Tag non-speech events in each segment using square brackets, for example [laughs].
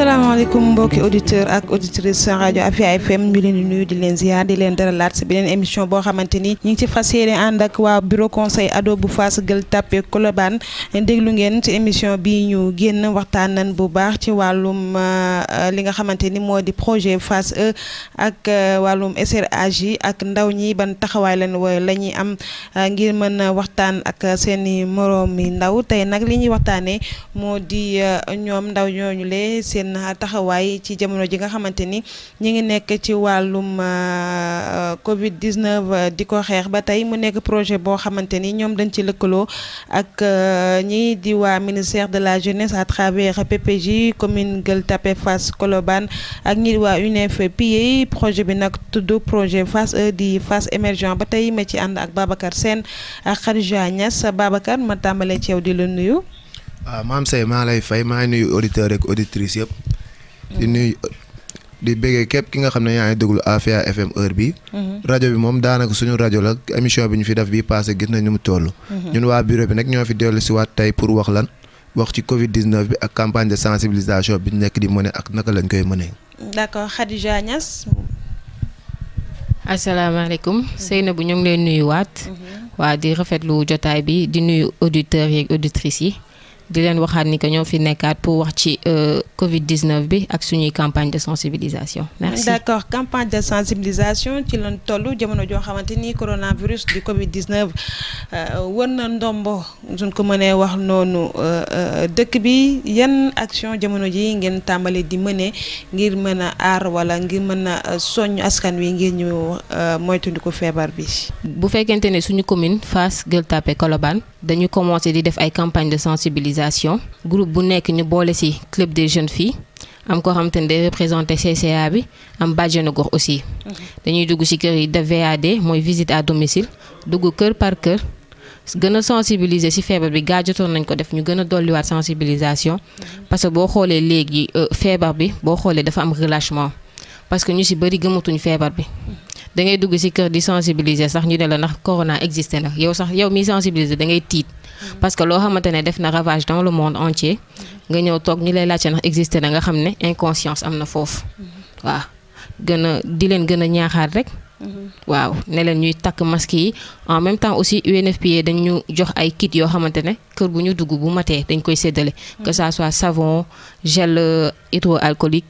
asalaamaaleykum mbokki auditeur ak auditrice rajo Afia FM ñu leen di nuyu di leen ziar di leen dalalaat si beneen émission boo xamante ni ñu ngi ci fas yéene ànd ak waa bureau conseil ado bu Fass Gueule Tapée Colobane déglu ngeen ci émission bi ñu génn waxtaan nañ bu baax ci wàllum euh, li nga xamante ni moo di projet Fass E ak euh, wàllum SRAJ yi ak ndaw ñi ban taxawaay lañ la ñuy am euh, ngir mën a waxtaan ak seeni i moroom yi ndaw tey nag li ñuy waxtaanee moo di ñoom ndaw ñooñu lee seen seen ah, taxawaay ci jamono ji nga xamante ni ñu ngi nekk ci wàllum ah, ah, Covid 19 di ko xeex ba tey mu nekk projet boo xamante ni ñoom dañ ci lëkkaloo ak ñi di waa ministère de la jeunesse à travers PPJ commune Gueule Tapée Fass Colobane ak ñi di waa UNFPA projet bi nag tudd projet Fass euh, di Fass émergent ba tey ma ci ànd ak Babacar seen ak Khadija Niass ma tàmbalee ci yow di la nuyu. waaw ah, maam Seye maa lay fay maa ngi nuyu auditeurs ak auditrices yëpp. di mm-hmm. nuyu di bëggee képp ki nga xam ne yaa ngi déglu Afia FM heure bi mm-hmm. rajo bi moom daanaka suñu rajo la émission bi ñu fi def bii passé gis nañu mu toll. Mm-hmm. ñun waa bureau bi nag ñoo fi dellu si waat tey pour wax lan wax ci Covid 19 bi ak campagne de sensibilisation bi ñu nekk di mëne ak naka lañ koy mënee. d'accord Khadija Niass. asalaamaaleykum bi ñu ngi leen waat waa di rafetlu jotaay bi di nuyu auditeurs yeeg auditrices yi. di leen waxaat ni que ñoo fi nekkaat pour wax ci euh, Covid 19 bi ak suñuy campagne de sensibilisation. merci campagne de sensibilisation ci lañ tollu jamono joo xamante ni coronavirus du Covid 19 euh, wër na ndombo suñ ko mënee wax noonu euh, dëkk bi yan action jamono ji ngeen tàmbali di mëne ngir mën a aar wala ngir mën a soññ askan wi ngir ñu ko feebar bi. bu fekkente ne suñu commune Fass Gueule Tapée Colobane. dañu commencé di def ay campagne de sensibilisation group bu nekk ñu boole ci club des jeunes filles am koo xam te ne day représenté CCA bi am bàjjenu gox aussi. Mhm. dañuy dugg ci kër yi def VAD mooy visite à domicile dugg kër par kër. gën a sensibiliser ci feebar bi gaa jotoon nañ ko def ñu gën a dolliwaat sensibilisation mhm. parce que boo xoolee léegi euh, feebar bi boo xoolee dafa am relâchement parce que ñu ci bari gëmatuñu feebar bi. Mhm. da ngay dugg si kër di sensibiliser sax ñu ne la ndax corona existé na yow sax yow miy sensibiliser dangay tiit parce que loo xamante ne def na ravage dans le monde entier nga ñëw toog ñu lay laajte ndax existé na nga xam ne inconscience am na foofu waaw gën a di leen gën a ñaaxaat rek waaw ne leen ñuy takk masque yi en même temps aussi UNFPA dañ ñu jox ay kit yoo xamante ne kër bu ñu dugg bu matee dañ koy séddale que ça soit savon gel euh, hydroalcoolique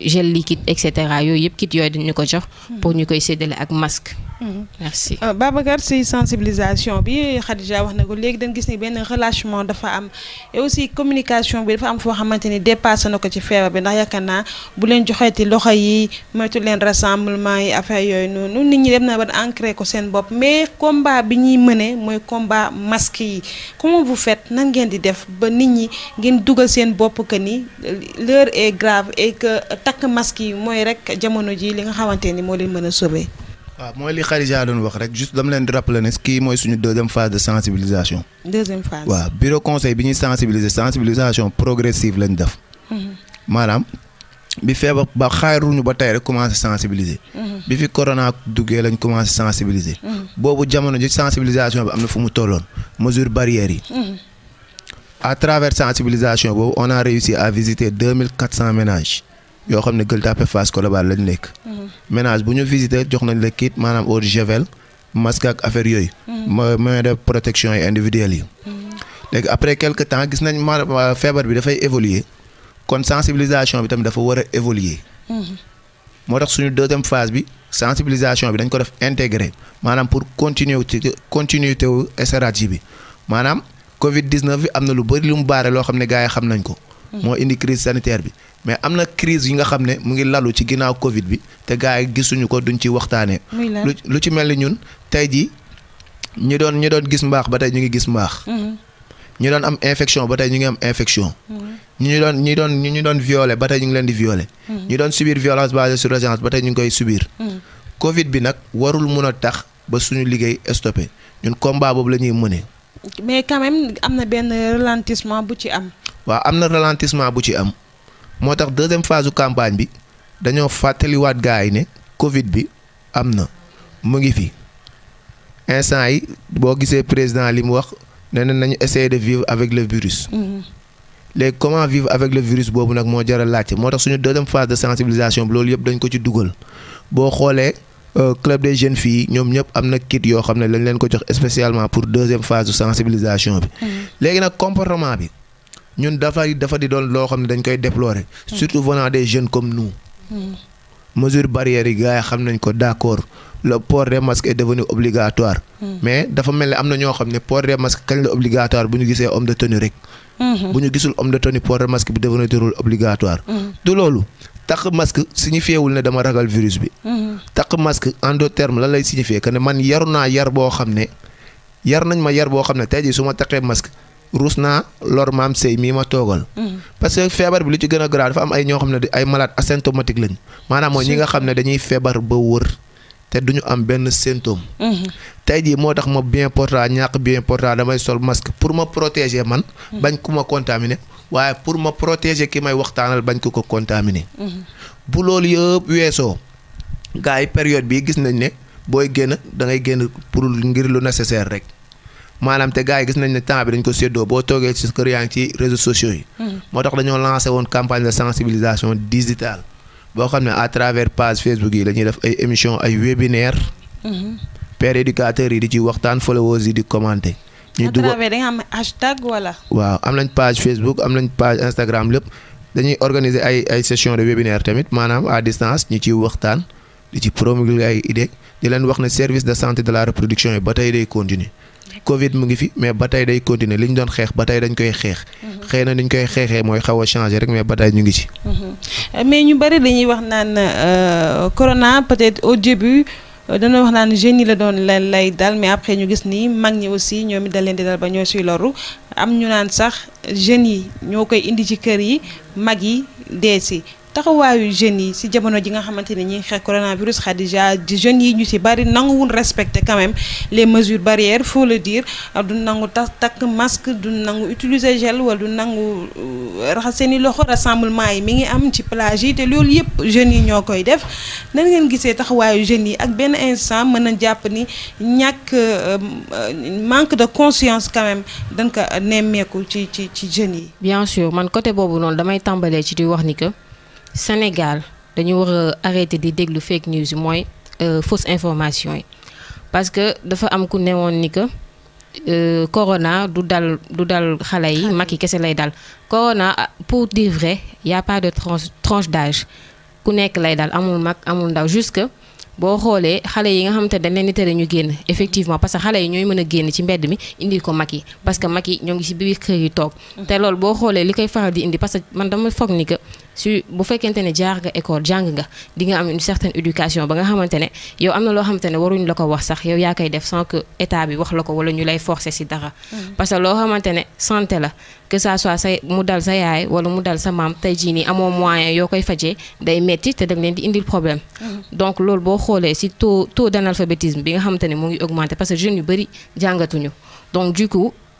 gel liquide et cetera yooyu yëpp kit yooyu dañu ko jox pour ñu koy séddale ak masque merci euh, Babacar si sensibilisation bi Khadija wax na ko léegi danga gis ni benn relâchement dafa am et aussi communication bi dafa am foo xamante ni dépassé na ko ci feebar bi ndax yaakaar naa bu leen joxeeti loxo yi moytu leen rassemblement yi affaire yooyu noonu nit ñi dem na ba ancré ko seen bopp mais combat bi ñuy mëne mooy combat masque yi comment vous faites nan ngeen di def ba nit ñi ngeen dugal seen bopp que ni l'heure est grave et que takk masque yi mooy rek jamono ji li nga xamante ni moo leen mën a sauver waaw mooy li Xarija doon wax rek juste dam leen di rappeler ne kii mooy suñu deuxième fas de sensibilisation. deuxième phase waaw bureau conseil bi ñuy sensibiliser sensibilisation progressive lañ def. Mm-hmm. maanaam bi feebar ba xaaruñu ba tey rek commencé sensibiliser. Mm-hmm. bi fi corona duggee lañ commencé sensibiliser. Mm-hmm. boobu jamono ji sensibilisation bi am na fu mu tolloon mesure barrières yi. à travers sensibilisation boobu on a réussi à visiter deux mille quatre cent ménages. yoo xam ne Gueule Tapée Fass Colobane lañ nekk. Mhm. ménage bu ñu visité jox nañ la kit maanaam eau de javel masque ak affaire yooyu. Mhm. ma moyen de protection yi individuelle yi. Mhm. léegi après quelque temps gis nañ ma euh, feebar bi dafay évoluer kon sensibilisation bi tamit dafa war a évoluer. moo tax suñu deuxième phase bi sensibilisation bi dañ ko def intégré maanaam pour continuer ci continuité wu stratégie bi maanaam Covid 19 bi am na lu bëri lu mu baare loo xam ne gars yi xam nañ ko. moo indi crise bi. mais am na crise yi nga xam ne mu ngi lalu ci ginnaaw Covid bi te gars yi gisuñu ko duñ ci waxtaanee. lu ci mel ni ñun tey ji ñu doon ñu doon gis mbaax ba tey ñu ngi gis mbaax. Mm-hmm. ñu doon am infection ba tey ñu ngi am infection. ñu mm-hmm. ñu doon ñu doon ñu ñu doon violé ba tey ñu ngi leen di violé. Mm-hmm. ñu doon subir violence basée sur l'urgence ba tey ñu ngi koy subir. Covid bi nag warul mun a tax ba suñu liggéey stoppé ñun combat boobu la ñuy mëne. mais quand même am na benn ralentissement bu ci am. waaw am na ralentissement bu ci am. moo tax deuxième phase campagne bi dañoo fàttaliwaat gaa yi ne Covid bi am na mu ngi fi instant yi boo gisee président li mu wax ne nee nañu essayer de vivre avec le virus. Mm-hmm. léegi comment vivre avec le virus boobu nag moo jaral a laajte moo tax suñu deuxième phase de sensibilisation bi loolu yëpp dañ ko ci dugal boo xoolee euh, club des jeunes fii ñoom ñëpp am na kit yoo xam ne lañ leen ko jox espécialement pour deuxième phase de sensibilisation bi. Mm-hmm. léegi na comportement bi. ñun dafa dafa di doon loo xam ne dañ koy déplorer. surtout venant des jeunes comme nous. Hmm. mesure barrière yi gars yi xam nañ ko d' accord le port des masques est devenu obligatoire. Hmm. mais dafa mel ni am na ñoo xam ne port des masques kañ la obligatoire bu ñu gisee homme de tenue rek. Hmm. bu ñu gisul homme de tenue port des masques bi devenu turul obligatoire. du loolu takk masque signifié ne dama ragal virus bi. takk masque en deux termes lan lay signifié que ne man yaru naa yar boo xam ne yar nañ ma yar boo xam ne tey jii su ma takkee masque. ruus naa lor maam sëy mii ma toogal. Mm. parce que feebar bi lu ci gën a grave dafa am ay ñoo xam ne ay malade asymptomatique lañ. maanaam mooy ñi nga xam ne dañuy feebar ba wër te ñu am benn symptôme. Mm-hmm. tey jii moo tax ma bien portant ñàkk bien portant damay sol masque pour ma protéger man. Mm-hmm. bañ ku ma contaminé waaye pour ma protéger ki may waxtaanal bañ ku ko contaminé. Mm-hmm. bu loolu yëpp weesoo gars yi période bii gis nañ ne booy génn da ngay génn pour ngir lu nécessaire rek. maanaam te gars yi gis nañ ne temps bi dañ ko séddoo boo toogee ci kër yaa ngi ci réseaux sociaux yi. Hmm. moo tax dañoo lancé woon campagne de sensibilisation digitale boo xam ne à travers page Facebook yi la ñuy def ay émission ay webinaire hmm. père éducateurs yi di ci waxtaan followers yi di commenter. ñu dugg à travers da nga am hashtag wala. waaw am nañ page Facebook am nañ page Instagram lépp dañuy organiser ay ay session de webinaire tamit maanaam à distance ñu ciy waxtaan ci promulguer ay idées leen wax ne service de santé de la reproduction yi ba tey day continuer. Covid mu ngi fi mais ba tey day continuer li ñu doon xeex ba tey dañ koy xeex. Mhm. xëy na ni koy xeexee mooy xaw a changé rek mais ba tey ñu ngi ci. Mhm. mais ñu bari dañuy wax naan euh, corona peut-être au début. Euh, dana wax naan jeunes yi la doon la lay dal mais après ñu gis nii mag ñi aussi ñoom it da leen di dal ba ñoo suy loru am ñu naan sax jeunes yi ñoo koy indi ci kër yi mag yi dee si taxawaayu jeunes yi si jamono ji nga xamante ne ñi ngi xeex coronavirus Khadija di jeunes yi ñu si bari nanguwul respecter quand même les mesures barrières faut le dire du nangu ta takk masque du nangu utiliser gel wala du nangu euh, raxas seen i loxo rassemblement yi mi ngi am ci plage yi te loolu yëpp jeunes yi ñoo koy def nan ngeen gisee taxawaayu jeunes yi ak benn instant mën a jàpp ni ñàkk euh, manque de conscience quand même dañ ko nemmeeku ci ci ci jeunes yi. bien sûr man côté boobu noonu damay tàmbalee ci di wax ni que. Sénégal dañu war a arrêter di déglu fake news yi mooy euh, fausse information yi parce que dafa am ku newoon ni que euh, corona du dal du dal xale yi mag yi kese lay dal corona ah, pour dire vrai y a pas de tranche tranche d'âge ku nekk lay dal amul mag amul ndaw jusque boo xoolee xale yi nga xam ne dañ leen di tere ñu génn effectivement parce xale yi ñooy mën a génn ci mbedd mi indi ko mag yi parce que mag yi ñoo ngi ci biir kër yi toog mm-hmm. te loolu boo xoolee li koy faral di indi que man dama foog ni su bu fekkente ne jaar nga école jàng nga di nga am une certaine éducation ba nga xamante ne yow am na loo xamante ne waruñ la ko wax sax yow yaa koy def sans que état bi wax la ko wala ñu lay forcer si dara. Mm. parce que loo xamante ne santé la que ça soit say mu dal sa yaay wala mu dal sa maam tey jii nii amoo moyen yoo koy fajee day metti te da leen di indil problème. Mm. donc loolu boo xoolee si taux taux d'analphabétisme bi nga xamante ne moo ngi augmenter parce que jeunes yu bari jàngatuñu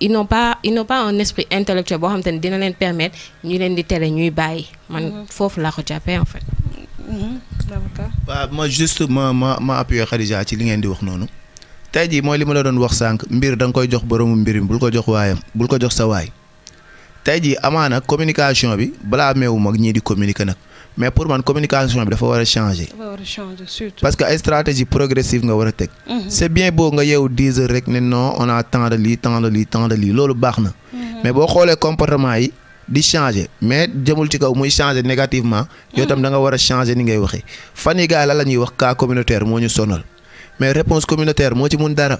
ils n'ont pas ils n'ont pas un esprit intellectuel boo xam te ne dina leen permettre ñu leen di tere ñuy bàyyi man mhm. foofu laa ko jàppee en fait. Mhm. waaw ma juste ma ma ma appuyer Khadija ci li ngeen di wax noonu tey jii mooy li ma la doon wax sànq mbir da koy jox boroomu mbirim bul ko jox waayam bul ko jox sa waay tey jii amaana communication bi balaa meewu mag ñii di communiquer nag. mais pour man communication bi dafa war a changer. dafa war parce que ay stratégie progressive nga war a teg. Mhm. c' est bien beau nga yeewu dix rek ne non on a tant de lii tant loolu baax na. Mhm. mais boo xoolee comportement yi di changer mais jëmul ci kaw muy changer négativement. yow tam mhm. da nga war a changer ni ngay waxee. fan yi gars la la ñuy wax cas communautaire moo ñu sonal. mais réponse communautaire moo ci mun dara.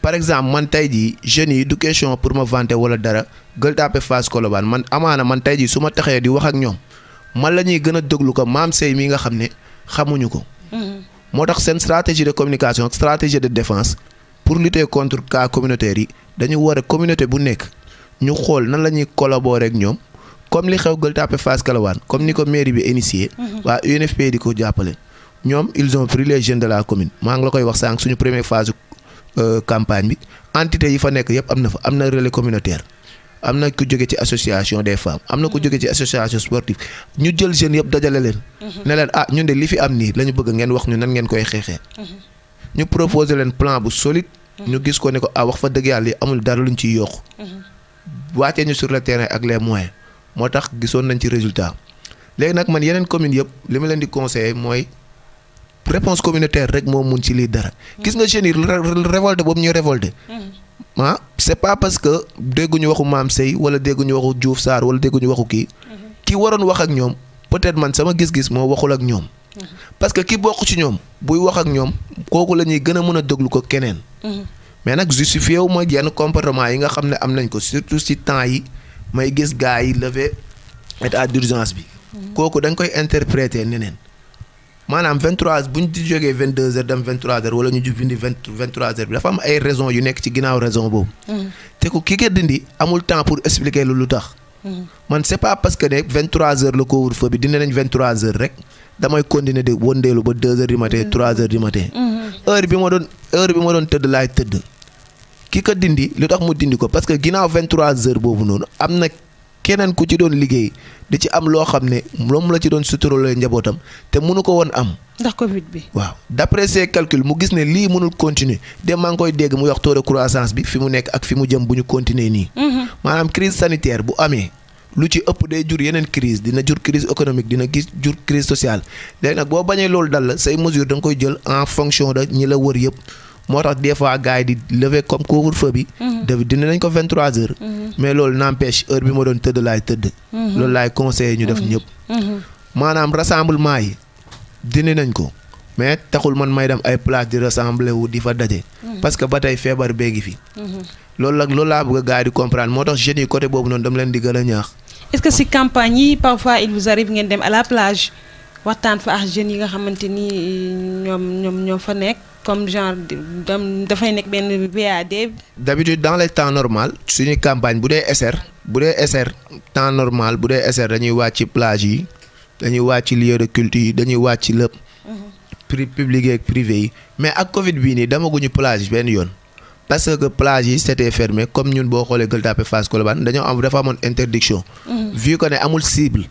par exemple man tey jii jeunes yi du pour ma vanter wala dara Gueule Tapée Fass Colobane man amaana man tey jii su ma taxee di wax ak ñoom. man la ñuy gën a déglu ko maam sey mi nga xam ne xamuñu ko. Mm-hmm. moo tax seen stratégie de communication stratégie de défense pour lutter contre cas communautaire yi dañu war a communauté bu nekk ñu xool nan la ñuy collaborer ak ñoom comme li xew Gueule Tapée Fass Colobane comme ni ko mairie bi initié. Mm-hmm. waa UNFP di ko jàppale. ñoom ils ont pris les jeunes de la commune maa ngi la koy wax sànq suñu première phase euh, campagne bi entité yi fa nekk yëpp am na fa am na relais communautaire. am na ku jóge ci association des femmes am na ku jóge ci association sportive ñu jël jeunes yëpp dajale leen. Mhm. ne leen ah ñun de li fi am nii la ñu bëgg ngeen wax ñu nan ngeen koy xeexee. Mhm. ñu proposer leen plan bu solide. Mhm. ñu gis ko ne ko ah wax fa dëgg yàlla yi amul dara ñu ciy yokku. wàccee ñu sur le terrain ak les moyens moo tax gisoon nañ ci résultat léegi nag man yeneen commune yëpp li ma leen di conseiller mooy. réponse communautaire rek moo mun ci lii dara. gis nga jeunes yi boobu ñuy révolté. ah c'est pas parce que dégguñu waxu maam Sey wala dégguñu waxu Diouf Sarr wala dégguñu waxu kii mhm. ki waroon wax ak ñoom peut-être man sama gis-gis moo waxul ak ñoom. Mhm. parce que ki bokk ci ñoom buy wax ak ñoom kooku la ñuy gën a mën a déglu ko keneen. Mhm. mais nag justifié wu ma yenn comportement yi nga xam ne am nañ ko surtout ci temps yi may gis gars yi lever état d'urgence bi. kooku dañ koy interpréter neneen. maanaam 23 bu ñu di jógee 22 heures dem 23 heures wala ñu jub indi 23 heures bi dafa am ay raison yu nekk ci ginnaaw raison boobu. Hmm. te ku ki ko dindi amul temps pour expliquer lu tax. Hmm. man c'est pas parce que ne 23 heures la couvre-feu bi dina nañ 23 heures rek damay continuer de wëndeelu ba 2 heures du matin hmm. bi ma doon heure bi ma doon tëdd laay tëdd. ki ko dindi lu tax mu dindi ko parce que ginnaaw 23 heures boobu noonu am na keneen ku ci doon liggéey di ci am loo xam ne moom la ci doon suturalee njabootam te mënu ko woon am. ndax Covid bi. waaw d' après mu gis ne lii mënul continuer de maa ngi koy dégg mu wax taux de croissance bi fi mu nekk ak fi mu jëm bu ñu continuer nii. Mhm. maanaam crise sanitaire bu amee. lu ci ëpp day jur yeneen crise dina jur crise économique dina gis jur crise sociale léegi nag boo bañee loolu dal la say mesures da nga koy jël en fonction de ñi la wër yëpp moo tax des fois gars yi di lever comme couvre-feu bi. Mhm. daf dindi nañ ko vingt trois heures. Mhm. mais loolu n'empêche heure bi ma doon tëdd laay tëdd. Mhm. loolu laay conseillé ñu def ñëpp. maanaam rassemblement yi dindi nañ ko mais taxul man may dem ay place di rassembler wu di fa daje. parce que ba tey feebar bee ngi fi. loolu nag loolu laa bëgg a gars yi di comprendre moo tax jeunes i côté boobu noonu dama leen di gën a ñaax. est-ce campagne yi parfois il vous arrive ngeen dem à la waxtaan fa jeunes yi nga xamante ni ñoom ñoom ñoo fa nekk. comme genre dafay nekk benn VAD. d'habitude dans les temps normal suñu campagne bu dee SR bu dee SR temps normal bu dee SR dañuy wàcc ci plage yi dañuy wàcc ci lieu de culte yi dañuy wàcc ci lépp. Mhm. prix public ak privé yi mais ak Covid bii nii demaguñu plage benn yoon. parce que plage yi c'était fermé comme ñun boo xoolee Gueule Tapée Fass Colobane dañoo am dafa amoon interdiction. Mhm. vu ko ne amul cible.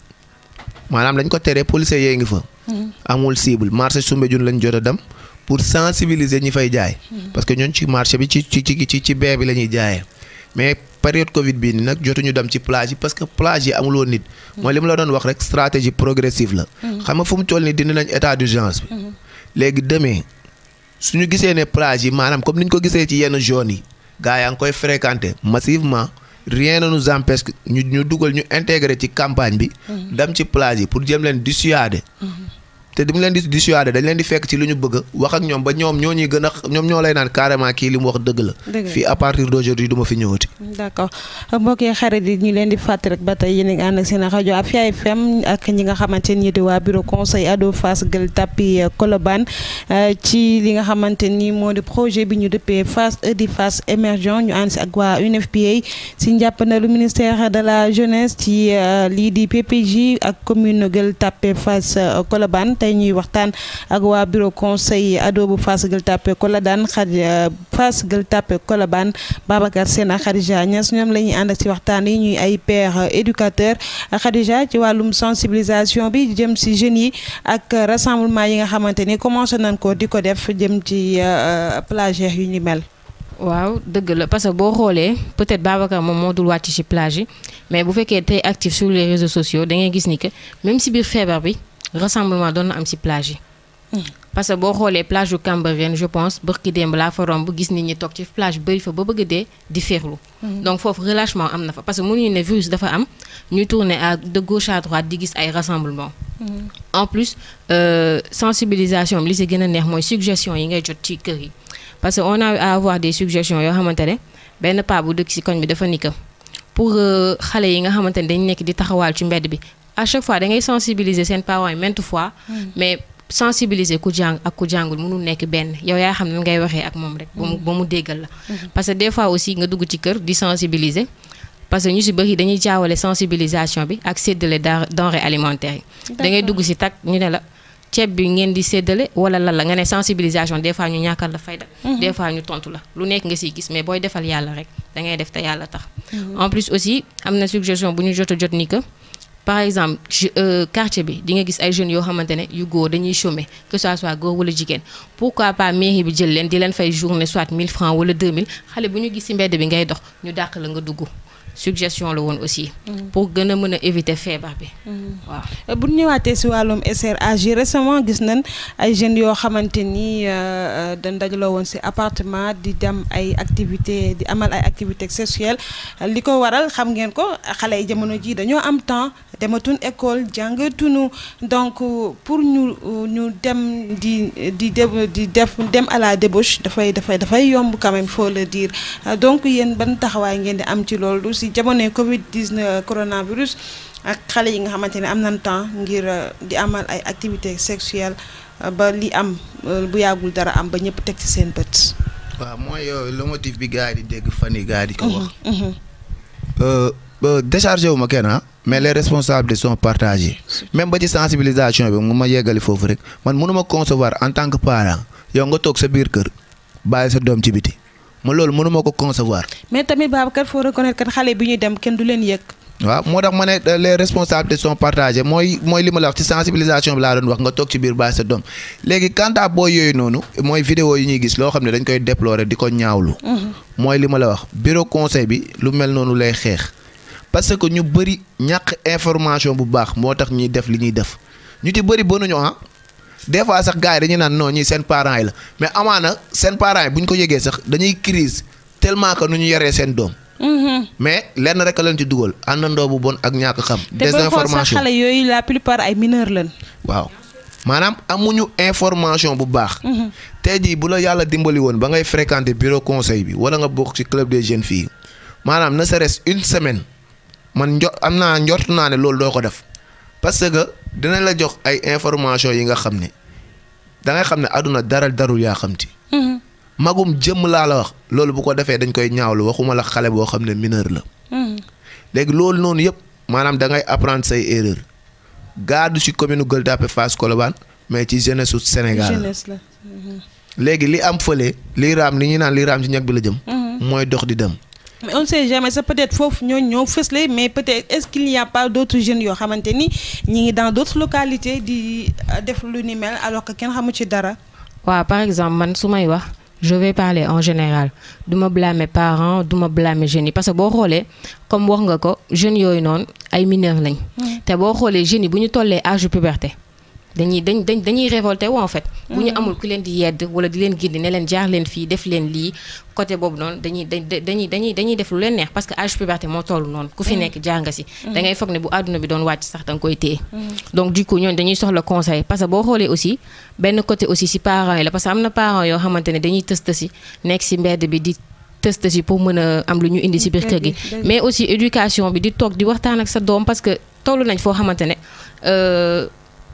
maanaam dañ ko tere policiers yee ngi fa. Mhm. amul cible marché Soumbédioune lañ jot a dem. pour sensibiliser ñi fay jaay. parce que ñooñu ci marché bi ci ci ci ci bee bi la ñuy jaayee mais période Covid bii ni nag jotuñu dem ci plage yi parce que plage yi amuloo woon nit. mooy li mu la doon wax rek stratégie progressive la. xam nga fu mu nii dindi nañ état d'urgence bi. léegi demee suñu gisee ne plage yi maanaam comme ni ñu ko gisee ci yenn zones yi gars yaa ngi koy fréquenter massivement. rien ne nous empêche ñu ñu dugal ñu intégré ci campagne bi. dem ci plage yi pour jëm leen dissuader. te dañu leen di dissuader dañ leen di fekk ci lu ñu bëgg wax ak ñoom ba ñoom ñoo ñuy gën a ñoom ñoo lay naan carrément kii li mu wax dëgg la. fii à partir d'aujourd'hui du fi ñëwati. d'accord mbokk yi xarit ñu leen di fàttali rek ba tey yéen a ngi ànd rajo Afia FM ak ñi nga xamante nii di waa bureau conseil ado Fass Gueule Tapée euh, Colobane euh, ci li nga xamante nii moo di projet bi ñu dëppee Fass EDI euh, Fass émergent ñu ànd si ak waa UNFPA si njàppandalu ministère de la jeunesse ci lii di PPJ ak commune Gueule Tapée Fass Colobane tey ñuy waxtaan ak waa bureau conseil ado bu Fass Gueule Tapée Colobane xar euh, Fass Gueule Tapée Colobane Babacar Sène ak Khadija Niass ñoom la ñuy ànd ak ci waxtaan yi ñuy ay père euh, éducateur Khadija ci wàllum sensibilisation bi jëm si jeunes yi ak rassemblement yi nga xamante ni commencé nañ ko di ko def jëm ci euh, plagiaires yu ñu mel. waaw dëgg la parce que boo xoolee peut-être Babacar moom moo dul wàcc ci plage yi mais bu fekkee tey actif sur les réseaux sociaux da ngay gis ni que même si biir feebar bi. rassemblement doon na am si plage yi. Hmm. parce que boo xoolee plage yu Cambérène je pense bërki démb laa fa romb gis nit ñi toog ci plage bëri fa ba bëgg dee di féexlu. Hmm. donc foofu relâchement am na fa parce que mënuñu ne virus dafa am ñu tourner à de gauche à di gis ay rassemblement hmm. en plus euh, sensibilisation bi li si gën a neex mooy suggestion yi ngay jot ci kër yi parce que on a à avoir des suggestions yoo xamante ne benn paa bu dëkk si koñ bi dafa ni pour euh, xale yi nga xamante ne dañ nekk di taxawaal ci mbedd bi à chaque fois da ngay sensibiliser seen parents yi maintes fois. Hmm. mais sensibiliser ku jàng ak ku jàngul mënul nekk benn yow yaa xam ne ngay waxee ak moom rek. ba mu ba déggal la. Hmm. Hmm. parce que des fois aussi nga dugg ci kër di sensibiliser. parce que ñu si bëri dañuy jaawale sensibilisation bi ak séddale denrée alimentaire yi. da dugg si tak ñu ne la. ceeb bi ngeen di séddale wala lan la nga ne sensibilisation des fois ñu ñàkkal la fayda des fois ñu tontu la lu nekk nga siy gis mais booy defal yàlla rek da def te yàlla tax en plus aussi am na suggestion bu ñu jot jot ni que par exemple euh, quartier bi di nga gis ay jeunes yoo xamante ne yu góor dañuy chômer que ça soit góor wala jigéen pourquoi pas mairie bi jël leen di leen fay journée soit 1000 francs wala 2000 xale bu ñu gis ci mbedd bi ngay dox ñu dàq la nga dugg suggestion la woon aussi. pour gën a mën a éviter feebar bi. Mm-hmm. waaw euh, bu ñëwaatee si wàllum SRAG récemment gis nañ ay jeunes yoo xamante ni euh, euh, dañ dajaloo woon si appartement di dem ay activité di amal ay activité sexuelle li ko waral xam ngeen ko xale yi jamono ji dañoo am temps dematun école jàngatu jàngatunu donc pour ñu ñu dem di di di def dem à la débauche dafay dafay dafay yomb quand même diir le dire donc yéen ban taxawaay ngeen di am ci loolu. si jamonoy Covid 19 coronavirus ak xale yi nga xamante ne am nañ temps ngir euh, di amal ay activité sexuelles euh, ba li am euh, bu yàggul dara am ba ñëpp teg ci seen bët. waaw mooy le motif bi gars yi dégg fan yi gars mhm, mhm. wu ma ah, mais les responsabilités sont partage même ba ci sensibilisation bi mu ma yeggali foofu rek man mënuma concevoir en tant que parent yow nga toog sa biir kër bàyyi sa doom ci biti ma loolu mënuma ko concevoir. mais tamit Babacar faut reconnaître kat xale bi ñuy dem kenn du leen yëg. waaw moo tax ma ne euh, les responsabilités sont partagées mooy mooy li ma la wax ci sensibilisation bi laa doon wax nga toog ci biir baa sa doom léegi quant à booy yooyu noonu mooy vidéo yi ñuy gis loo xam ne dañ koy déplorer di ko ñaawlu. Mhm. mooy li ma la wax bureau conseil bi lu mel noonu lay xeex. parce que ñu bëri ñàkk information bu baax moo tax ñuy def li ñuy def ñu ci bëri bonuñu ah. des fois sax gars dañuy naan non ñii seen parents yi la mais amaana seen parents yi bu ko yëgee sax dañuy crise tellement que nu ñu yoree seen doom. Mm-hmm. mais lenn rek a leen ci dugal àndandoo bu bon ak ñàkk xam. des te xale yooyu la plupart ay mineur lañ. waaw maanaam amuñu information bu baax. Mm-hmm. te jii bu la yàlla dimbali woon ba ngay fréquenter bureau conseil bi wala nga bokk ci club des jeunes filles maanaam na serait-ce une semaine man njo am naa njort naa ne loolu doo ko def. parce que dina la jox ay information yi nga xam ni da ngay xam ne àdduna dara darul yaa xamti mhm. magum jëmm laa la wax loolu bu ko defee dañ koy ñaawlu waxuma la xale boo xam ne mineur la mhm. léegi loolu noonu yëpp maanaam da ngay apprendre say erreur gaadu ci commune Gueule Tapée Fass Colobane mais ci jeunesse su Sénégal la mhm. léegi li am fële li raam li ñuy naan li raam ci ñag bi la jëm mooy dox di dem mais on ne sait jamais ça peut être foofu ñooñu ñoo fësle mais peut être est ce qu'il n'y a pas d' autres jeunes yoo xamante ni ñi ngi dans d' autres localités di euh, def lu ni mel alors que kenn xamu ci dara. waaw par exemple man su may wax je vais parler en général du ma blâmer parents du ma blâmer jeunes yi parce que boo xoolee comme wax nga ko jeunes yooyu noonu ay mineurs lañ. Mm. te boo xoolee jeunes yi bu ñu tollee âge de puberté. dañuy dañ dañ dañuy révolté wu en fait. ñu mm. amul ku leen di yedd wala di leen gindi ne leen jaar leen fii def leen lii côté boobu noonu dañuy dañuy dañuy dañuy def lu leen neex parce que âge puberté moo toll noonu. ku fi mm. nekk jaar nga si. Mm. da ngay foog ne bu àdduna bi doon wàcc sax da koy téye. donc du coup dañuy soxla conseil parce que boo xoolee aussi benn côté aussi si parents yi la parce am na parents yoo xamante dañuy tës tësi nekk si mbedd bi di. test si pour mën a am lu ñu indi si biir kër gi mais aussi bi di toog di waxtaan ak sa doom parce que toll nañ foo xamante ne euh,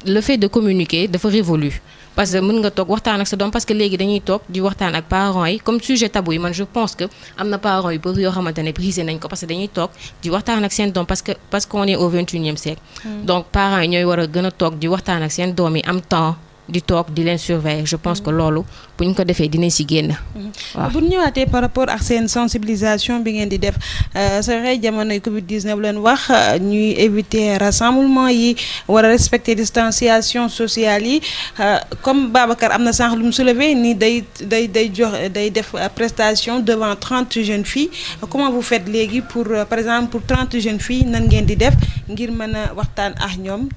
le fait de communiquer dafa révolu parce que mën nga toog waxtaan ak sa doom parce que léegi dañuy toog di waxtaan ak parents yi comme sujet tabou yi man je pense que am na parents yu bëri yoo xamante ne brisé nañ ko parce que dañuy toog di waxtaan ak seen doom parce que parce qu'on est au vingt et unième siècle hmm. donc parents yi ñooy war a gën a toog di waxtaan ak seen doom yi am temps di toog di leen surveiller je pense que loolu bu ñu ko defee dinañ si génn. Mm-hmm. waaw bu ñëwaatee par rapport ak seen sensibilisation bi ngeen di def euh, c'est vrai jamonoy Covid 19 leen wax euh, ñuy éviter rassemblement yi war a respecter distanciation sociale yi euh, comme Babacar am na sànq lu mu soulevé ni day day day jox day def prestation devant trente jeunes filles comment vous faites léegi pour par exemple pour trente jeune filles nan ngeen di def ngir mën a waxtaan ak ñoom.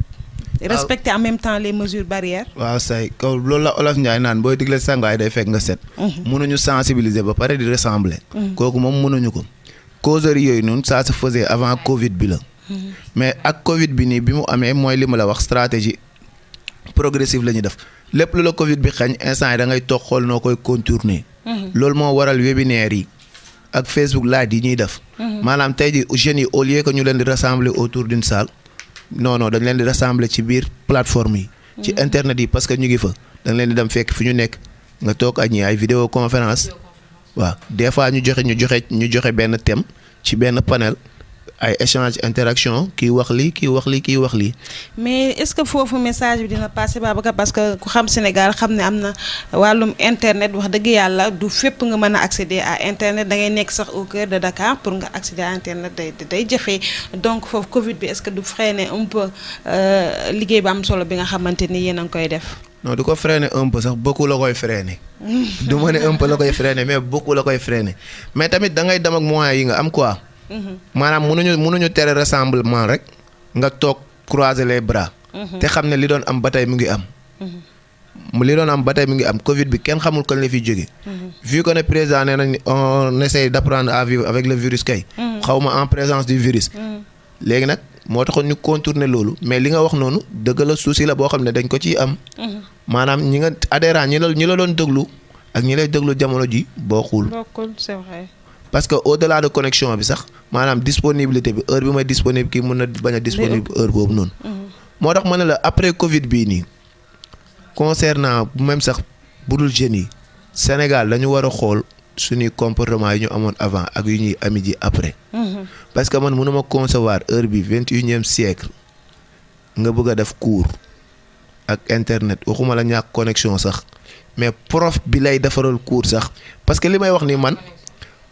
respecter en même temps les mesures barrières. waaw say kaw loolu la olof Ndiaye naan booy digle sanguwaay day fekk nga set. mënuñu mhm. sensibiliser ba pare di ressembler. Mhm. kooku moom mënuñu ko. causerie yooyu noonu ça se faisait avant Covid bi la. Mhm. mais ak Covid bi nii bi mu amee mooy li ma la wax stratégie progressive la ñu def lépp lu la Covid bi xañ instant yi da ngay toog xool noo koy contourner. loolu moo waral webinaire yi. ak Facebook live yi ñuy def. maanaam tey jii jeunes yi ñu leen di rassembler autour d'une non non dañ leen di rassembler ci biir plateforme yi. ci mm-hmm. internet yi parce que ñu ngi fa. dañ leen di dem fekk fi ñu nekk nga toog ak ñi ay vidéoconférence waaw des fois ñu joxe ñu joxe ñu joxe benn thème ci benn panel. ay échange interaction kii wax li kii wax li kii wax lii. mais est-ce que foofu message bi dina passé Babacar parce que ku xam Sénégal xam ne am na wàllum internet wax dëgg yàlla du fépp nga mën a accéder à internet da ngay nekk sax au cœur de Dakar pour nga accéder à internet day day jafe donc foofu Covid bi est-ce que du freiner un peu euh, liggéey bu am solo bi nga xamante ni yéen a ngi koy def. non du ko freiner un peu sax beaucoup la koy freiner. [laughs] du ma ne un peu la koy freiner mais mais tamit da ngay dem ak moyens yi nga am quoi. maanaam mënuñu mënuñu tere rassemblement rek nga toog croiser les bras. Mhm. te xam ne li doon am ba tey mu ngi am. mu mhm. li doon am ba tey mu ngi am Covid bi kenn xamul kañ la fi jóge. Mhm. vu que ne président nee nañ on essaie d' apprendre avec le virus kay. xaw ma en présence du virus. léegi nag moo taxoon ñu contourner loolu mais li nga wax noonu dëgg la souci la boo xam ne dañ ko ci am. maanaam ñi nga adhérents ñi la ñi la doon déglu ak ñi lay déglu jamono ji bokkul. bokkul parce que au delà de connexion bi sax maanaam disponibilité bi heure bi may disponible kii mën na bañ a disponible heure boobu noonu. Mhm. moo tax ma ne la après Covid bii nii concernant même sax bu dul jeunes yi Sénégal dañu war a xool suñuy comportement yi ñu amoon avant ak yu ñuy ami ji après. Mhm. parce que man mënuma concevoir heure bi vingt et unième siècle nga bëgg a def cours ak internet waxuma la ñàkk connexion sax mais prof bi lay defaral cours sax parce que li may wax ni man.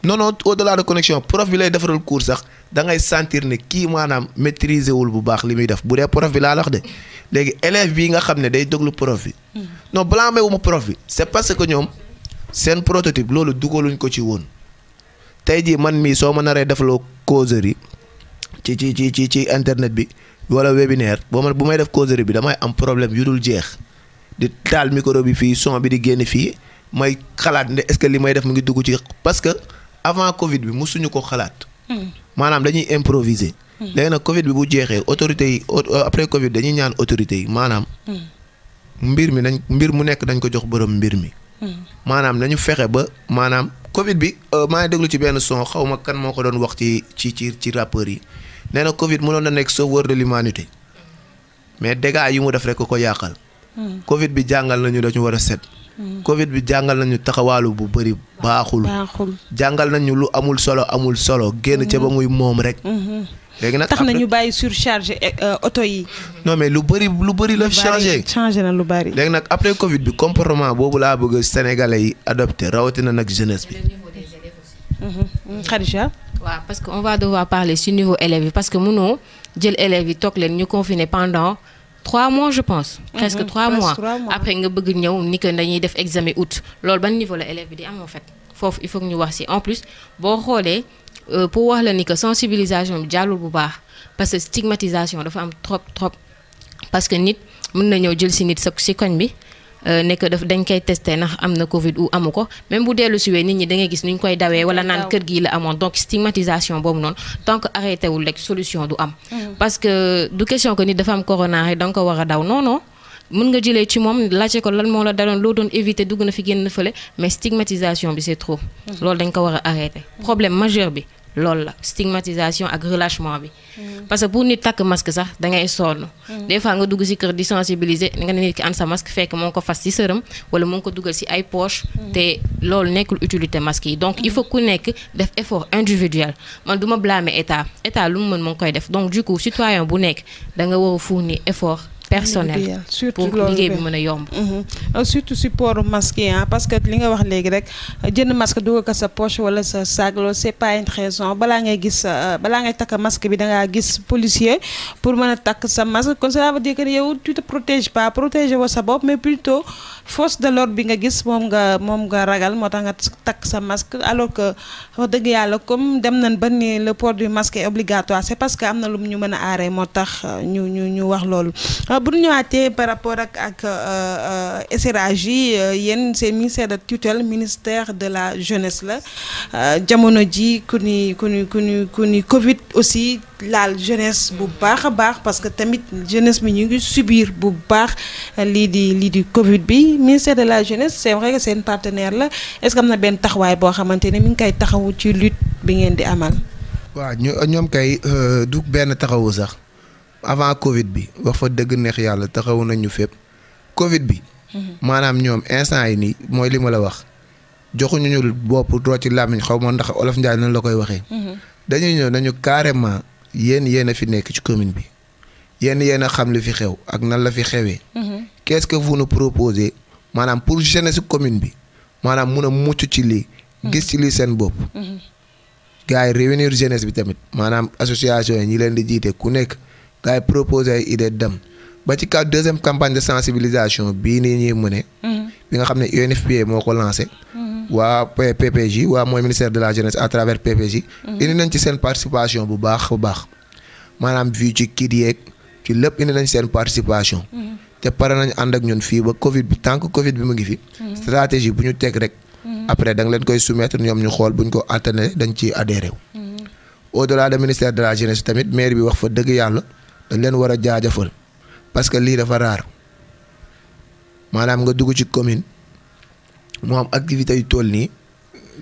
non non au delà de connexion prof bi lay defaral cours sax da ngay sentir ne kii maanaam maîtriser wul bu baax li muy def bu dee prof bi laa lax de léegi élève bi nga xam ne day déglu prof bi. Hmm. no blâmer wu ma prof bi. c' est parce que ñoom seen prototype loolu dugaluñ ko ci woon tey jii man mii soo ma naree defaloo causerie ci ci ci ci ci internet bi wala webinaire boo ma bu may def causerie bi damay am problème yu dul jeex di taal micro bi fii son bi di génn fii may xalaat ne est li may def mu ngi dugg ci parce que. avant Covid bi musuñu ko xalaat. Hmm. maanaam dañuy improviser. Hmm. léegi nag Covid bi bu jeexee autorités yi euh, après Covid dañuy ñaan autorité yi maanaam. Hmm. mbir mi dañ mbir mu nekk dañ ko jox bërëm mbir mi. maanaam nañu fexe ba maanaam Covid bi euh, maa ngi déglu ci benn son xaw ma kan moo ko doon wax ci ci ci ci rappeurs yi nee na Covid mënoon na nekk sauveur de l'humanité mais dégâts yi mu def rek ko yàqal. Covid bi jàngal nañu dañu war a set. Mm. Covid bi jàngal nañu taxawaalu bu bëri baaxul. jàngal nañu lu amul solo amul solo génn ca ba mm. muy moom rek. Mm-hmm. léegi nag tax na ñu bàyyi surcharge eh, euh, oto yi. non mais lu bëri lu bëri la. changé changé na lu bëri. léegi nag après Covid bi comportement boobu laa bëgg sénégalais yi adopté rawatina nag jeunesse bi. Mm-hmm. Mm, Khadija. waaw parce que on va devoir parler sur niveau élèves yi parce que mënoo jël élèves yi toog leen ñu confiné pendant. trois mois je pense. Mhm. presque trois mois après nga bëgg ñëw ni que dañuy def examen août. loolu ban niveau la élève bi di am en fait foofu il faut que ñu wax ci en plus boo xoolee euh, pour wax la ni que sensibilisation bi jàllul bu baax parce que stigmatisation dafa am trop trop parce que nit mën na ñëw jël ci nit sa ci koñ bi. Euh, ne que daf dañ koy testé nax am na Covid ou amu ko même bu dellu siwee nit ñi da ngay gis ni ñu koy dawee wala naan kër gii la amoon donc stigmatisation boobu noonu tant que arrêté wul rek solution du am. Mm. parce que du question que nit dafa am corona rek da nga ko war a daw non non. mën nga jëlee ci moom laajte ko lan moo la daloon loo doon éviter dugg na fi génn fële mais stigmatisation bi c'est trop. Mm. loolu dañ ko war a arrêter problème majeur bi loolu la stigmatisation ak relâchement bi. parce que pour nit takk masque sax da ngay sonn. des fois nga dugg ci kër di sensibiliser nga ne nit ki an sa masque fekk moo ko fas ci sëram wala moo ngi ko dugal ci ay poche. te loolu nekkul utilité masque yi donc il faut ku nekk def effort individuel man du ma blâmer état état lu mu mën mu ngi koy def donc du coup citoyen bu nekk da nga war a fournir effort. personnel pour liggéey bi mën a yomb. Mhm. surtout si port masque yi parce que li nga wax léegi rek jënd masque dugal ko sa poche wala sa saag loolu c'est pas balaa ngay gis euh, balaa ngay takk masque bi da ngaa gis policier pour mën a takk sa masque kon cela veut dire que yow tu te pas protéger wa sa bopp mais plutôt. force de l'ordre bi nga gis moom nga moom nga ragal moo tax nga takk sa masque alors que dëgg yàlla comme dem nañ ba ni le port du masque est obligatoire c'est parce que am na lu ñu mën a aaree moo tax euh, ñu ñu ñu wax loolu euh, bu ñu ñëwaatee par rapport ak ak euh, SRAJ yi yéen c'est ministère de tutelle ministère de la jeunesse la jamono ji ku ni ku ni ku ni Covid aussi laal jeunesse bu baax a baax parce que tamit jeunesse bi ñu ngi subir bu baax lii di lii di Covid bi ministère de la jeunesse c'est vrai que seen partenaire la est am na benn taxawaay boo xamante ne mu ngi koy taxawu ci lutte bi ngeen di amal. waaw ñu ñoom kay euh, du benn taxawu sax avant Covid bi wax fa dëgg neex yàlla taxawu nañu fépp Covid bi. Mhm. maanaam ñoom instant yi nii mooy li ma la wax. joxuñu ñu bopp doo ci làmmiñ xaw ma ndax olof Ndiaye nan la koy waxee. Mhm. dañuy ñëw yéen yéen fi nekk ci commune bi yéen yéen xam li fi xew ak nan la fi xewee. Mhm. qu'est-ce que vous nous proposez maanaam pour jeunesse commune bi maanaam mun a mucc ci lii. Mhm. gis ci lii seen bopp. Mhm. gars yi réunir jeunesse bi tamit maanaam association yi ñi leen di jiite ku nekk gars yi proposer ay idée dem ba ci kaw deuxième campagne de sensibilisation bii nii ñuy mëne bi nga xam ne UNFPA moo ko lancé. waa PPJ waa mooy ministère de la jeunesse à travers PPJ. Mhm. indi nañ ci seen participation bu baax bu baax maanaam fii ci kii yeeg ci lépp indi nañ seen participation. Mhm. te pare nañ ànd ak ñun fii ba Covid bi tant que Covid bi mu ngi fi. Mhm. stratégie bu ñu teg rek. après da leen koy sumetre ñoom ñu xool bu ñu ko atténuer dañ ci adhéré wu. au delà de ministère de la jeunesse tamit maire bi wax fa dëgg yàlla dañ leen war a jaajëfal parce que lii dafa raar maanaam nga dugg ci commune. mu am activité yu toll nii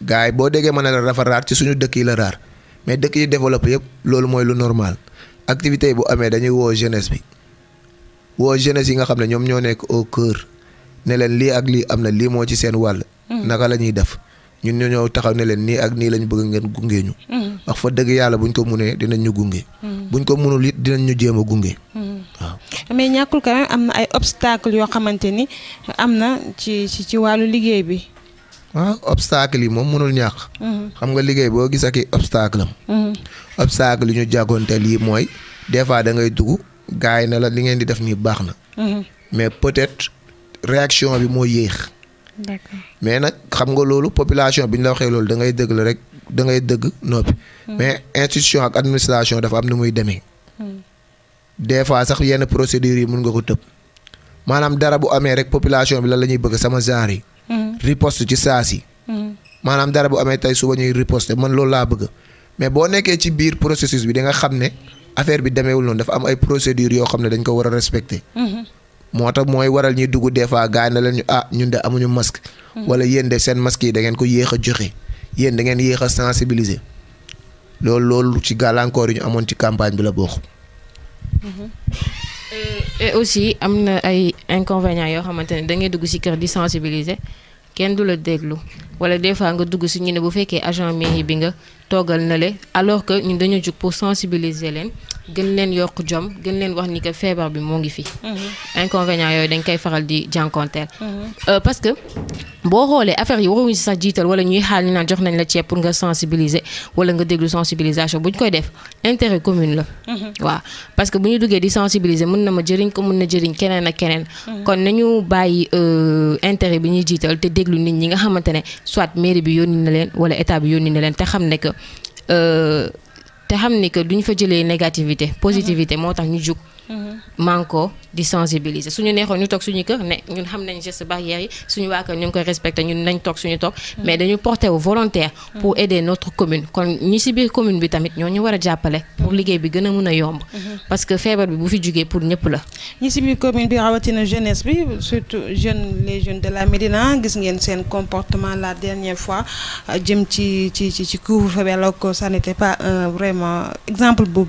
gars yi boo degee ma ne la dafa raar ci suñu dëkk yi la raar mais dëkk yi développé yëpp loolu mooy lu normal activité yi bu amee dañuy woo jeunesse bi woo jeunesse yi nga xam ne ñoom ñoo nekk au cœur ne leen lii ak lii am na lii moo ci seen wàll. Hmm. naka la ñuy def. ñun ñoo ñëw taxaw ne leen nii ak nii lañ bëgg ngeen gunge ñu. Mm-hmm. wax fa dëgg yàlla buñ ko munee dinañ ñu gunge. Mm-hmm. buñ ko munul it dinañ ñu jéem a gunge. Mm-hmm. waaw mais ñàkkul quand am na ay obstacle yoo xamante ni am na ci ci ci wàllu liggéey bi. ah obstacle yi moom mënul ñàkk. xam nga liggéey boo gis ak i obstacle am. obstacle yi ñu jàkkoonteel yi mooy des fois da ngay dugg gars yi ne la li ngeen di def nii baax na. mais peut-être réaction bi moo yéex. mais nag xam nga loolu population bi ñu la waxee loolu da ngay dëgg la rek da ngay dëgg noppi. Hmm. mais institution ak administration dafa am nu muy demee. Hmm. des fois sax yenn procédures yi mun nga ko tëb. maanaam dara bu amee rek population bi lan la ñuy bëgg sama genre yi. Hmm. riposte ci saa si. maanaam dara bu amee tey suba ñuy riposte man loolu laa bëgg. mais boo nekkee ci biir processus bi da nga xam ne affaire bi demeewul noonu dafa am ay procédures yoo xam ne dañ ko war a respecter. moo tax mooy waral ñuy dugg des fois gars leen ñu ah ñun de amuñu masque. Hmm. wala yéen de seen masque yi da ngeen ko yéex a joxe yéen da ngeen yéex a sensibiliser loolu loolu ci gàllankoor yi ñu amoon ci campagne bi la bokk. Hmm. et aussi am na ay inconvénients yoo xamante ne da ngay dugg ci kër di sensibiliser kenn du la déglu wala des fois nga dugg ci ñu ne bu fekkee agent mairie bi nga. toogal na le que ñun dañoo jug pour sensibiliser leen gën leen yokk jom gën leen wax ni que feebar bi mu ngi fi. Mhm. inconvénients yooyu dañ koy faral di jànkonteel. Mhm. Euh, parce boo xoolee affaire yi waruñu si sax jiital wala ñuy xaal ñu naa jox nañ la ceeb pour nga sensibiliser wala nga déglu sensibilisation bu ñu koy def intérêt commune la. Mhm. waaw parce que bu ñu duggee di sensibiliser mën na ma jëriñ ko mun na jëriñ keneen ak keneen. Mhm. kon nañu bàyyi euh, intérêt bi ñuy jiital te déglu nit ñi nga xamante ne soit mairie bi yónni na leen wala état bi yónni na leen te xam ne que euh, te xam ne que duñ fa jëlee négativité positivité mhm. moo tax ñu jug. Mm-hmm. manko di sensibiliser suñu neexoon ñu toog suñu kër ne ñun xam nañ gestes barrières yi suñu waa kër ñu ngi koy respecté ñun nañ toog suñu toog mm-hmm. mais dañu porté wu volontaire mm-hmm. pour aider notre commune kon ñi ci biir commune bi tamit ñoo ñu war a jàppale pour liggéey bi gën a yomb parce feebar bi bu fi jugee pour ñëpp la ñi ci biir commune bi rawatina jeunesse bi surtout jeunes les jeunes de la Médina gis ngeen seen comportement la dernière fois euh, jëm ci ci ci ci couvre-feu bi alors que ça n'était pas vraiment exemple bu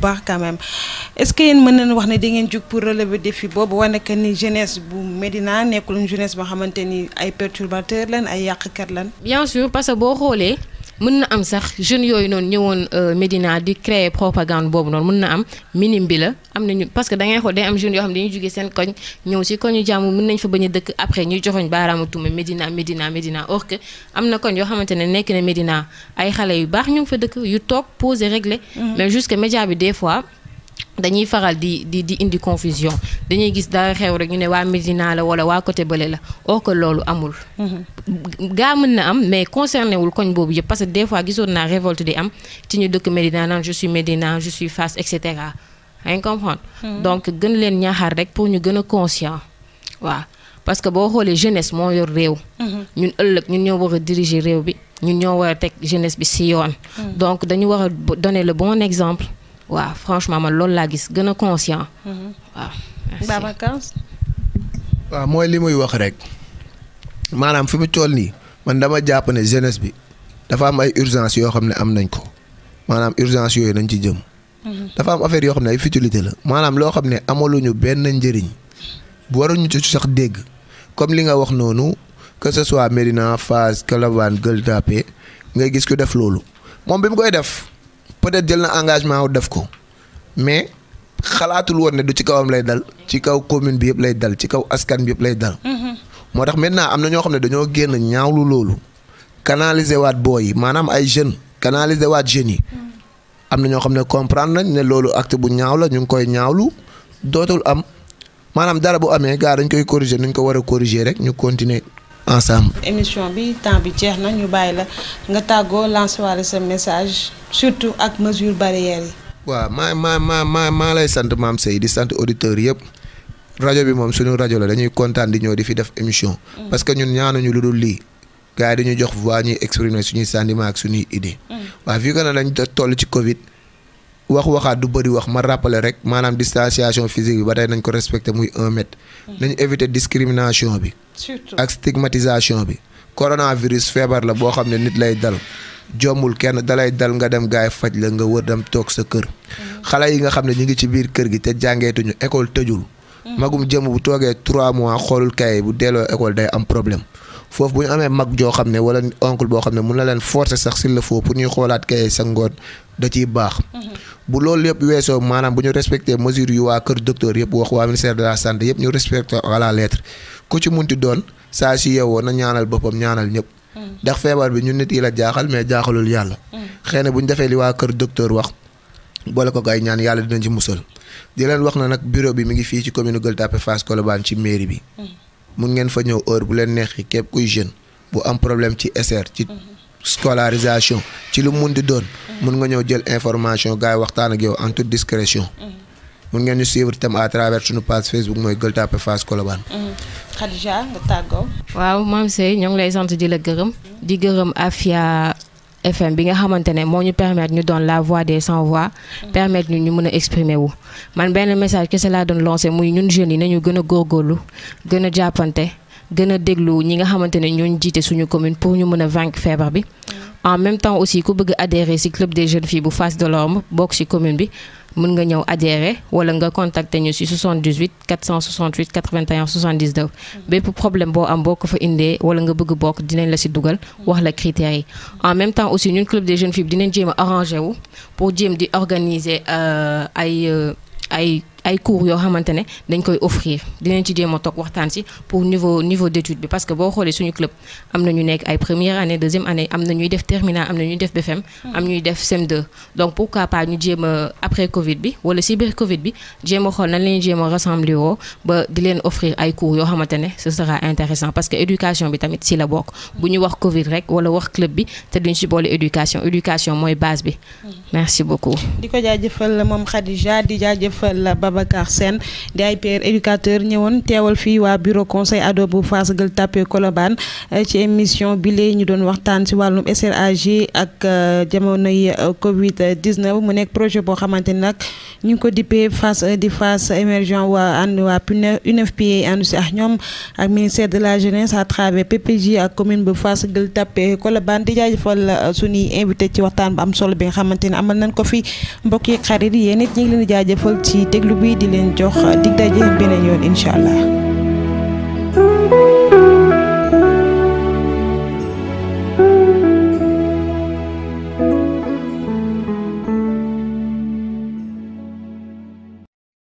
di ngeen jug pour relever défi boobu wane que ni jeunesse bu Médina nekkul jeunesse boo xamante ni ay perturbateur lan ay yàqkat lan. bien sûr parce que boo xoolee. mën na am sax jeunes yooyu noonu ñëwoon euh, Médina di créer propagande boobu noonu mën na am minime bi la am nañu parce que da ngay xool day am jeunes yoo xam ne dañuy jógee seen koñ ñëw si koñu jàmm mën nañ fa bañ dëkk après ñuy joxoñ baaraamu tuuma Médina Médina Médina or que am na koñ yoo xamante ne nekk na Médina ay yu baax ñu fa dëkk yu toog posé réglé mm-hmm. mais jusque média bi des fois dañuy faral di di di indi confusion dañuy gis dara xew rek ñu ne waa Médina la wala waa côté la or que loolu amul. Mhm. gaa mën na am mais concerné wul koñ boobu yëpp parce que des fois gisoon naa révolte di am ci ñu dëkk Médina naan je suis Médina je suis Fass et cetera yaa ngi comprendre. Mhm. donc gën leen ñaaxaar rek pour ñu gën a conscient waaw boo xoolee jeunesse moo yor réew. Mhm. ñun ëllëg ñun ñoo war a réew bi ñun ñoo war a teg jeunesse bi si yoon. donc dañu war a waaw franchement man loolu laa gis gën a conscient. Mhm. waaw mooy li muy wax rek maanaam fi mu toll nii man dama jàpp ne jeunesse bi dafa am ay urgence yoo xam ne am nañ ko maanaam urgence yooyu nañ ci jëm. Mhm. dafa am affaire yoo xam ne ay futilité la maanaam loo xam ne amaluñu benn njëriñ bu waruñu ci sax dégg comme li nga wax noonu que ce soit Médina phase Colobane Gueule Tapée ngay gis ku def loolu moom bi mu koy def. peut-être jël na engagement wu def ko mais xalaatul woon ne du ci kawam lay dal ci kaw commune bi yëpp lay dal ci kaw askan bi yëpp lay dal. Mhm. moo tax maintenant am na ñoo xam ne dañoo génn ñaawlu loolu canaliser waat booy yi maanaam ay jeunes canaliser waat jeunes yi. Mhm. am na ñoo xam ne comprendre nañ ne loolu act bu ñaaw la ñu ngi koy ñaawlu dootul am maanaam dara bu amee gaa dañ koy corriger ni ñu ko war a corriger rek ñu continuer ensemble. émission bi temps bi jeex na ñu bàyyi la nga tàggoo lancer waale sa message surtout ak mesure barrière yi. waaw maa maa maa maa maa lay sant maam Sey di sant auditeur yëpp rajo bi moom suñu rajo la dañuy kontaan di ñëw di fi def émission. Mm. parce que ñun ñaanuñu lu dul lii. gars yi ñu jox voix ñuy exprimer suñuy sentiment ak suñuy idée. Mm. waaw fii ko ne dañ toll ci Covid. wax waxaat du bëri wax ma rappeler rek maanaam distanciation physique bi ba tey nañ ko respecte muy un mètre. nañu éviter discrimination bi. surtout ak stigmatisation bi. coronavirus feebar la boo xam ne nit lay dal. jommul kenn dalay dal nga dem gaay faj la nga wër dem toog sa kër xale yi nga xam ne ñu ngi ci biir kër gi te jàngeetuñu école tëjul magum jëm bu toogee trois mois xoolul kay bu delloo école day am problème foofu bu ñu amee mag joo xam ne wala oncle boo xam ne mun na leen forcer sax s'il le faut pour ñuy xoolaat kay sa ngoon da ciy baax. bu loolu yëpp weesoo maanaam bu ñu respecté mesure yu waa kër docteur yëpp wax waa ministère de la santé yëpp ñu respecté à la lettre ku ci munti doon saa si yeewoo na ñaanal boppam ñaanal ñëpp. ndax feebar bi ñun nit yi la jaaxal mais jaaxalul yàlla. xëy bu ñu defee li waa kër docteur wax boole ko ay ñaan yàlla dinañ ci musal. di leen wax na nag bureau bi mi ngi fii ci commune Gueule Tapée Fass Colobane ci mairie bi. mun ngeen fa ñëw heure scolarisation ci lu mun di doon mun nga ñëw jël information gars waxtaan ak yow en toute discrétion mun ngeen ñu suivre itam à travers suñu page Facebook mooy Gueule Tapée Fass Colobane. Khadija nga tàggoo. waaw Mame Seye ñoo ngi lay sant di la gërëm. di gërëm Afia FM bi nga xamante ne moo ñu permettre ñu doon la voix des sans voix. permettre ñu ñu mën a exprimer wu. man benn message kese laa doon lancé muy ñun jeunes yi nañu gën a góorgóorlu gën a jàppante. gën a déglu ñi nga xamante ne ñooñu jiite suñu commune pour ñu mën a vaincre feebar bi en même temps aussi ku bëgg adhérer ci club des jeunes fii bu Fass Delorme bokk ci commune bi mën nga ñëw adhérer wala nga contacter ñu ci 78 468 81 79 bépp problème boo am boo ko fa indee wala nga bëgg bokk dinañ la ci dugal wax la critères yi en même temps aussi ñu club des jeunes filles dinañ jéem a arranger wu pour jéem di organiser euh, ay euh, ay ay cours yoo xamante ne dañ koy offrir dinañ ci jéem a toog waxtaan si pour niveau niveau d'étude bi parce que boo xoolee suñu club am na ñu nekk ay première année deuxième année am na ñuy def terminal am na ñuy def BFM. Hmm. am ñuy def CM2 donc pourquoi pas ñu jéem après Covid bi wala si Covid bi jéem a xool nan la ñuy ba di leen offrir ay cours yoo xamante ce sera intéressant parce que éducation bi tamit si la bokk. Hmm. Babacar Sène di ay père éducateur ñëwoon teewal fii waa bureau conseil ado bu Fass Gueule Tapée Colobane eh, ci émission bi léegi ñu doon waxtaan si wàllum SRAG ak eh, jamonoy eh, Covid 19 mu nekk projet boo xamante ni nag ñu ko dippee Fass di Fass émergent waa ànd waa e, UNFPA ànd si ak ñoom ak ministère de la jeunesse à travers PPJ ak commune bu Fass Gueule Tapée Colobane di jaajëfal suñuy invité ci waxtaan bu am solo bi xamante ni amal nañ ko fi mbokk yi bi di leen jox dig daje beneen yoon incha allah.